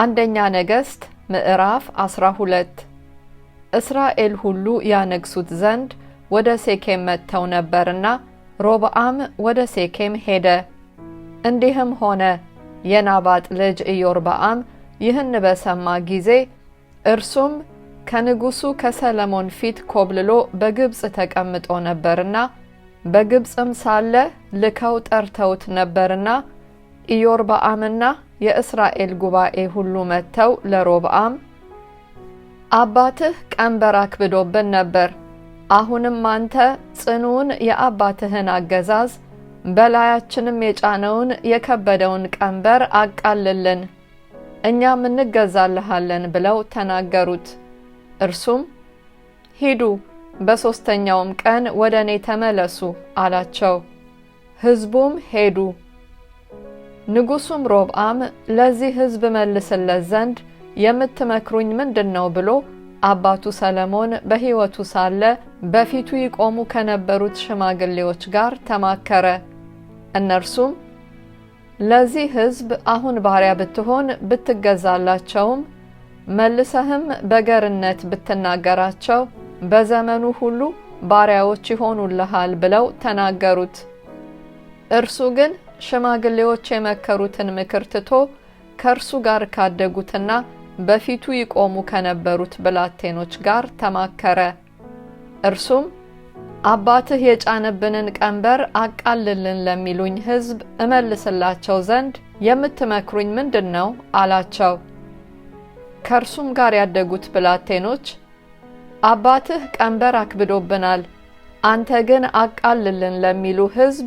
አንደኛ ነገሥት ምዕራፍ 12 እስራኤል ሁሉ ያነግሱት ዘንድ ወደ ሴኬም መጥተው ነበርና ሮብዓም ወደ ሴኬም ሄደ። እንዲህም ሆነ የናባጥ ልጅ ኢዮርብዓም ይህን በሰማ ጊዜ እርሱም ከንጉሡ ከሰለሞን ፊት ኮብልሎ በግብፅ ተቀምጦ ነበርና በግብፅም ሳለ ልከው ጠርተውት ነበርና ኢዮርብዓምና የእስራኤል ጉባኤ ሁሉ መጥተው ለሮብአም አባትህ ቀንበር አክብዶብን ነበር። አሁንም አንተ ጽኑውን የአባትህን አገዛዝ በላያችንም የጫነውን የከበደውን ቀንበር አቃልልን፣ እኛም እንገዛልሃለን ብለው ተናገሩት። እርሱም ሂዱ፣ በሦስተኛውም ቀን ወደ እኔ ተመለሱ አላቸው። ሕዝቡም ሄዱ። ንጉሱም ሮብአም ለዚህ ሕዝብ መልስለት ዘንድ የምትመክሩኝ ምንድን ነው ብሎ አባቱ ሰለሞን በሕይወቱ ሳለ በፊቱ ይቆሙ ከነበሩት ሽማግሌዎች ጋር ተማከረ። እነርሱም ለዚህ ሕዝብ አሁን ባሪያ ብትሆን ብትገዛላቸውም፣ መልሰህም በገርነት ብትናገራቸው በዘመኑ ሁሉ ባሪያዎች ይሆኑልሃል ብለው ተናገሩት። እርሱ ግን ሽማግሌዎች የመከሩትን ምክር ትቶ ከእርሱ ጋር ካደጉትና በፊቱ ይቆሙ ከነበሩት ብላቴኖች ጋር ተማከረ። እርሱም አባትህ የጫነብንን ቀንበር አቃልልን ለሚሉኝ ሕዝብ እመልስላቸው ዘንድ የምትመክሩኝ ምንድን ነው? አላቸው። ከእርሱም ጋር ያደጉት ብላቴኖች አባትህ ቀንበር አክብዶብናል፣ አንተ ግን አቃልልን ለሚሉ ሕዝብ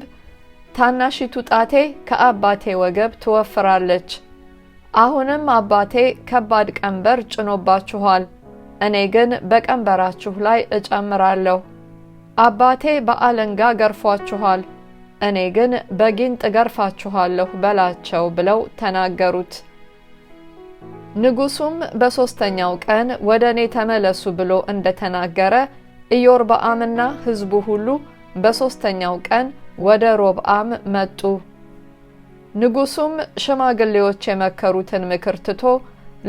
ታናሺቱ ጣቴ ከአባቴ ወገብ ትወፍራለች። አሁንም አባቴ ከባድ ቀንበር ጭኖባችኋል፣ እኔ ግን በቀንበራችሁ ላይ እጨምራለሁ። አባቴ በአለንጋ ገርፏችኋል፣ እኔ ግን በጊንጥ ገርፋችኋለሁ በላቸው ብለው ተናገሩት። ንጉሱም በሦስተኛው ቀን ወደ እኔ ተመለሱ ብሎ እንደተናገረ ኢዮርብዓምና ሕዝቡ ሁሉ በሦስተኛው ቀን ወደ ሮብአም መጡ። ንጉሱም ሽማግሌዎች የመከሩትን ምክር ትቶ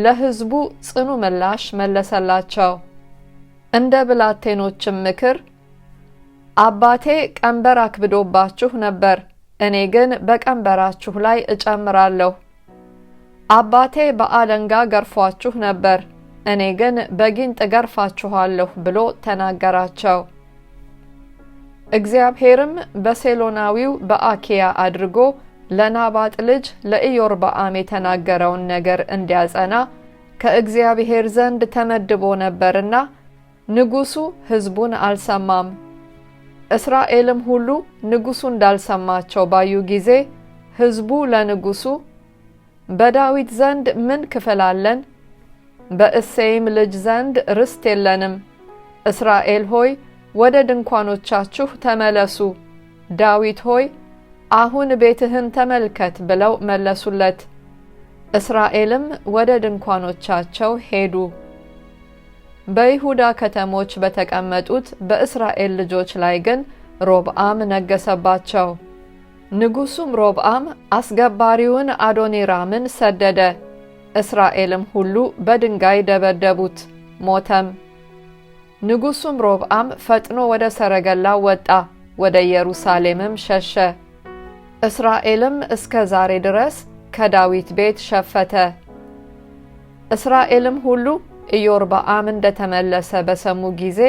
ለሕዝቡ ጽኑ ምላሽ መለሰላቸው። እንደ ብላቴኖችም ምክር አባቴ ቀንበር አክብዶባችሁ ነበር፣ እኔ ግን በቀንበራችሁ ላይ እጨምራለሁ። አባቴ በአለንጋ ገርፏችሁ ነበር፣ እኔ ግን በጊንጥ ገርፋችኋለሁ ብሎ ተናገራቸው። እግዚአብሔርም በሴሎናዊው በአኪያ አድርጎ ለናባጥ ልጅ ለኢዮርብዓም የተናገረውን ነገር እንዲያጸና ከእግዚአብሔር ዘንድ ተመድቦ ነበርና ንጉሡ ሕዝቡን አልሰማም። እስራኤልም ሁሉ ንጉሡ እንዳልሰማቸው ባዩ ጊዜ ሕዝቡ ለንጉሡ በዳዊት ዘንድ ምን ክፍል አለን? በእሴይም ልጅ ዘንድ ርስት የለንም። እስራኤል ሆይ ወደ ድንኳኖቻችሁ ተመለሱ። ዳዊት ሆይ አሁን ቤትህን ተመልከት ብለው መለሱለት። እስራኤልም ወደ ድንኳኖቻቸው ሄዱ። በይሁዳ ከተሞች በተቀመጡት በእስራኤል ልጆች ላይ ግን ሮብአም ነገሰባቸው። ንጉሡም ሮብአም አስገባሪውን አዶኒራምን ሰደደ። እስራኤልም ሁሉ በድንጋይ ደበደቡት፣ ሞተም። ንጉሡም ሮብዓም ፈጥኖ ወደ ሰረገላ ወጣ፣ ወደ ኢየሩሳሌምም ሸሸ። እስራኤልም እስከ ዛሬ ድረስ ከዳዊት ቤት ሸፈተ። እስራኤልም ሁሉ ኢዮርብዓም እንደ ተመለሰ በሰሙ ጊዜ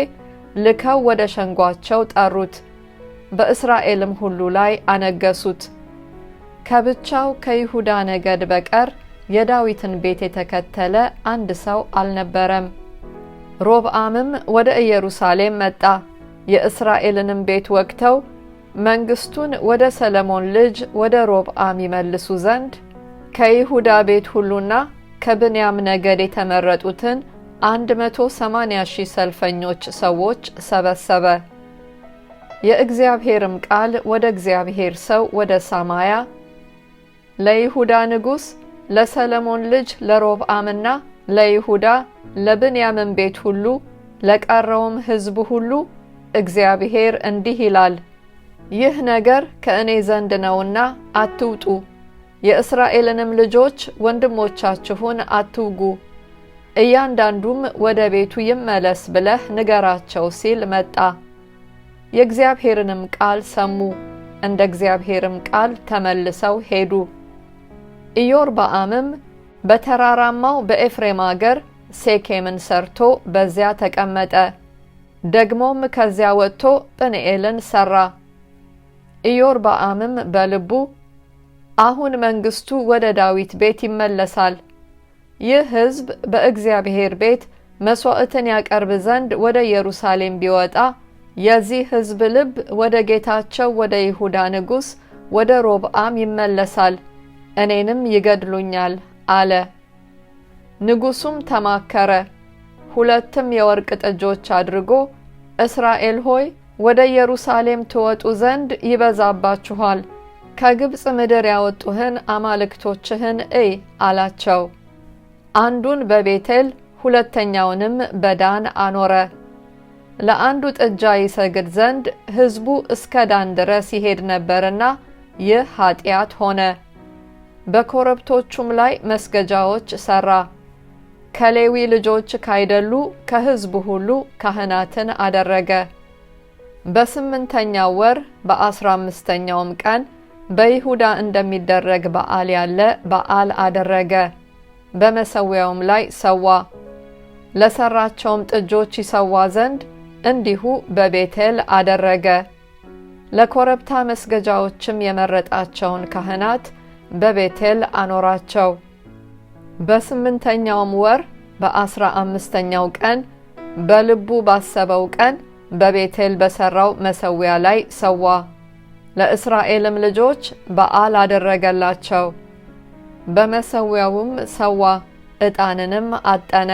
ልከው ወደ ሸንጓቸው ጠሩት፣ በእስራኤልም ሁሉ ላይ አነገሱት። ከብቻው ከይሁዳ ነገድ በቀር የዳዊትን ቤት የተከተለ አንድ ሰው አልነበረም። ሮብአምም ወደ ኢየሩሳሌም መጣ። የእስራኤልንም ቤት ወግተው መንግስቱን ወደ ሰለሞን ልጅ ወደ ሮብአም ይመልሱ ዘንድ ከይሁዳ ቤት ሁሉና ከብንያም ነገድ የተመረጡትን 180 ሺህ ሰልፈኞች ሰዎች ሰበሰበ። የእግዚአብሔርም ቃል ወደ እግዚአብሔር ሰው ወደ ሳማያ ለይሁዳ ንጉሥ ለሰለሞን ልጅ ለሮብአምና ለይሁዳ ለብንያምን ቤት ሁሉ ለቀረውም ሕዝብ ሁሉ እግዚአብሔር እንዲህ ይላል፣ ይህ ነገር ከእኔ ዘንድ ነውና አትውጡ፣ የእስራኤልንም ልጆች ወንድሞቻችሁን አትውጉ፣ እያንዳንዱም ወደ ቤቱ ይመለስ ብለህ ንገራቸው ሲል መጣ። የእግዚአብሔርንም ቃል ሰሙ፣ እንደ እግዚአብሔርም ቃል ተመልሰው ሄዱ። ኢዮርብዓምም በተራራማው በኤፍሬም አገር ሴኬምን ሰርቶ በዚያ ተቀመጠ። ደግሞም ከዚያ ወጥቶ ጵንኤልን ሰራ። ኢዮርብዓምም በልቡ አሁን መንግስቱ ወደ ዳዊት ቤት ይመለሳል፣ ይህ ሕዝብ በእግዚአብሔር ቤት መሥዋዕትን ያቀርብ ዘንድ ወደ ኢየሩሳሌም ቢወጣ የዚህ ሕዝብ ልብ ወደ ጌታቸው ወደ ይሁዳ ንጉሥ ወደ ሮብአም ይመለሳል፣ እኔንም ይገድሉኛል አለ። ንጉሱም ተማከረ። ሁለትም የወርቅ ጥጆች አድርጎ እስራኤል ሆይ ወደ ኢየሩሳሌም ትወጡ ዘንድ ይበዛባችኋል፣ ከግብፅ ምድር ያወጡህን አማልክቶችህን እይ አላቸው። አንዱን በቤቴል ሁለተኛውንም በዳን አኖረ። ለአንዱ ጥጃ ይሰግድ ዘንድ ሕዝቡ እስከ ዳን ድረስ ይሄድ ነበርና ይህ ኃጢአት ሆነ። በኮረብቶቹም ላይ መስገጃዎች ሰራ። ከሌዊ ልጆች ካይደሉ ከሕዝቡ ሁሉ ካህናትን አደረገ። በስምንተኛው ወር በአስራ አምስተኛውም ቀን በይሁዳ እንደሚደረግ በዓል ያለ በዓል አደረገ። በመሰዊያውም ላይ ሰዋ። ለሰራቸውም ጥጆች ይሰዋ ዘንድ እንዲሁ በቤቴል አደረገ። ለኮረብታ መስገጃዎችም የመረጣቸውን ካህናት በቤቴል አኖራቸው። በስምንተኛውም ወር በአስራ አምስተኛው ቀን በልቡ ባሰበው ቀን በቤቴል በሠራው መሠዊያ ላይ ሰዋ። ለእስራኤልም ልጆች በዓል አደረገላቸው። በመሠዊያውም ሰዋ፣ ዕጣንንም አጠነ።